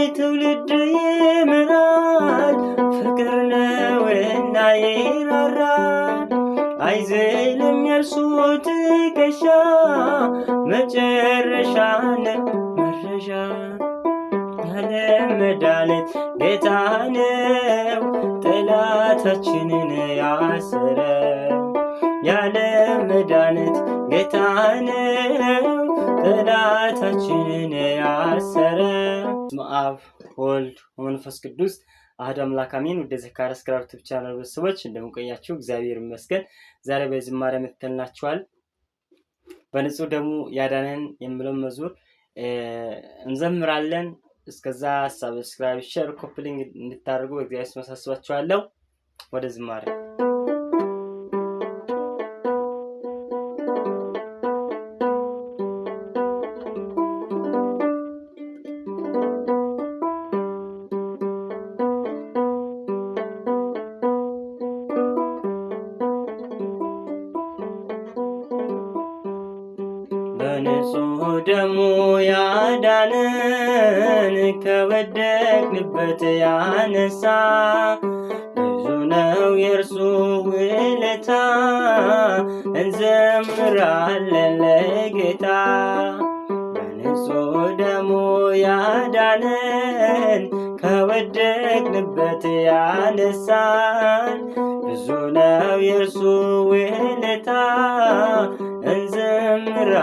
የትውልድ ምናድ ፍቅር ነውና ይራራል አይዝልም የእርሱ ትከሻ መጨረሻን መረሻ ያለ መድኃኒት ጌታ ነው ጠላታችንን ያሰረ ያለ መድኃኒት ጌታ ነው ጠላታችንን ያሰረ በስመ አብ ወልድ ወመንፈስ ቅዱስ አህድ አምላክ አሜን። ወደ ዘካር ስክራብ ዩቲዩብ ቻናል ቤተሰቦች እንደምንቆያችሁ እግዚአብሔር ይመስገን። ዛሬ በዝማሬ መተንላችኋል። በንጹህ ደሙ ያዳነን የሚለው መዝሙር እንዘምራለን። እስከዛ ሳብስክራይብ፣ ሼር፣ ኮፕሊንግ እንድታደርጉ እግዚአብሔር ይመስገን። አሳስባችኋለሁ። ወደ ዝማሬ በንጹህ ደሙ ያዳነን ከወደቅንበት ያነሳ ብዙ ነው የእርሱ ውለታ፣ እንዘምራለን ለጌታ። በንጹህ ደሙ ያዳነን ከወደቅንበት ያነሳን ብዙ ነው የእርሱ ውለታ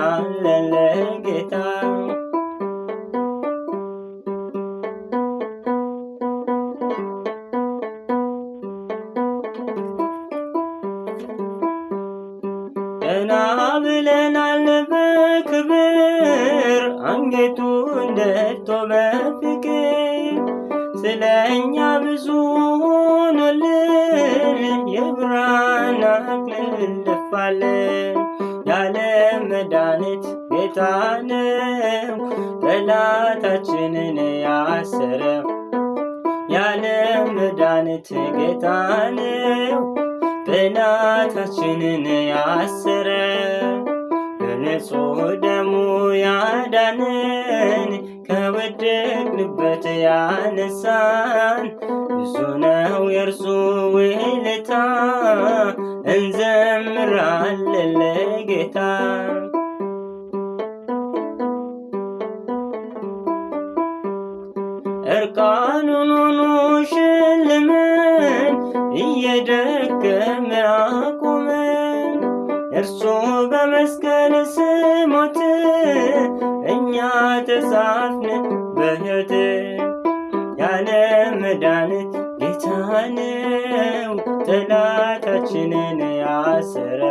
አለን ለጌታ ቀና ብለናል በክብር አንገቱን ደፍቶ በፍቅር ስለኛ ብዙ ሆኖልን የብርሃን አክሊል ደፋለን። መድኃኒት ጌታ ነው ጠላታችንን ያሰረ የዓለም መድኃኒት ጌታ ነው ጠላታችንን ያሰረው በንጹሕ ደሙ ያዳነን ከወደቅንበት ያነሳን ብዙ ነው የእርሱ ውለታ እንዘ እርቃኑኑኑ ሽልምን እየደከመ አቁመን እርሱ በመስቀል ስሞት እኛ ተሳፍን በሕይወት ያለ መድኃኒት ጌታነው ጠላታችንን ያሰረ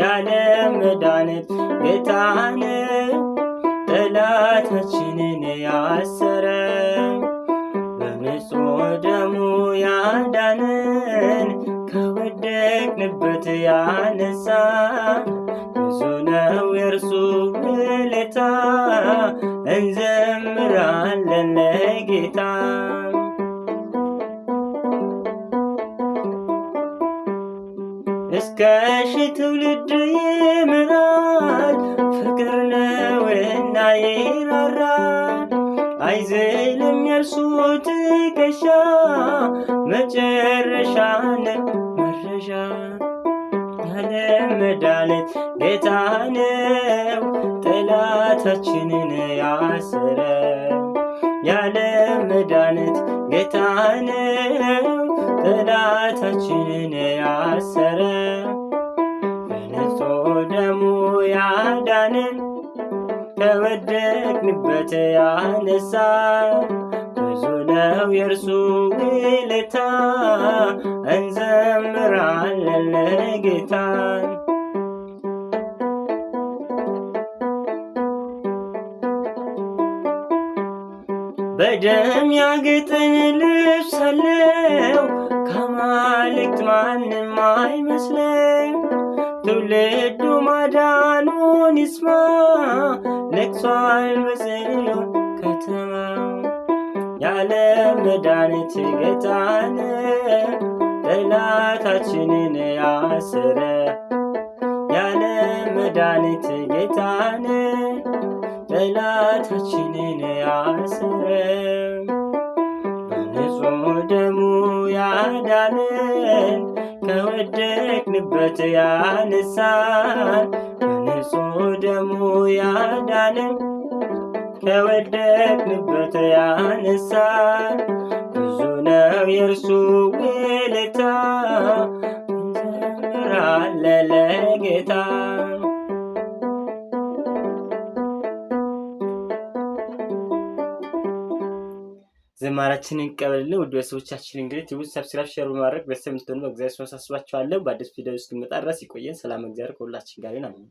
ያለ መድኃኒት ጌታነው ጠላታችንን ያሰረ ያዳነን ከወደቅንበት ያነሳ ብዙ ነው የእርሱ ውለታ፣ እንዘምራለን ለጌታ። እስከ ትውልድ ይምራል ፍቅር ነውና ይራራ አይዝ በእርሱ ትከሻ መጨረሻ ነው መረሻ ያለ መድኃኒት ጌታ ነው ጠላታችንን ያሰረ ያለ መድኃኒት ጌታ ነው ጠላታችንን ያሰረ በንጹ ደሙ ያዳንን ከወደቅንበት ያነሳ ነው የእርሱ ውለታ፣ እንዘምራለን ጌታን። በደም ያጌጠን ልብስ አለው ከአማልክት ማንም አይመስለው። ትውልዱ ማዳኑን ይስማ፣ ነግሷል በጽዮን ከተማ። ያለ መድኃኒት ጌታን ጠላታችንን አሰረ። የዓለም መድኃኒት ጌታን ጠላታችንን አሰረ። ንጹሕ ደሙ ያዳነን ከወደቅንበት ያነሳን ንጹሕ ደሙ ያዳነን ከወደቅንበት ያነሳ ብዙ ነው የእርሱ ውለታ፣ እንዘምራለን ለጌታ። ዘማሪያችንን እንቀበልልን። ውድ ቤተሰቦቻችን እንግዲህ ትጉት ሰብስክራይብ፣ ሼር በማድረግ ቤተሰብ እንድትሆኑ በእግዚአብሔር ስም አሳስባችኋለሁ። በአዲስ ቪዲዮ እስክንመጣ ድረስ ይቆየን። ሰላም፣ እግዚአብሔር ከሁላችን ጋር ይሁን።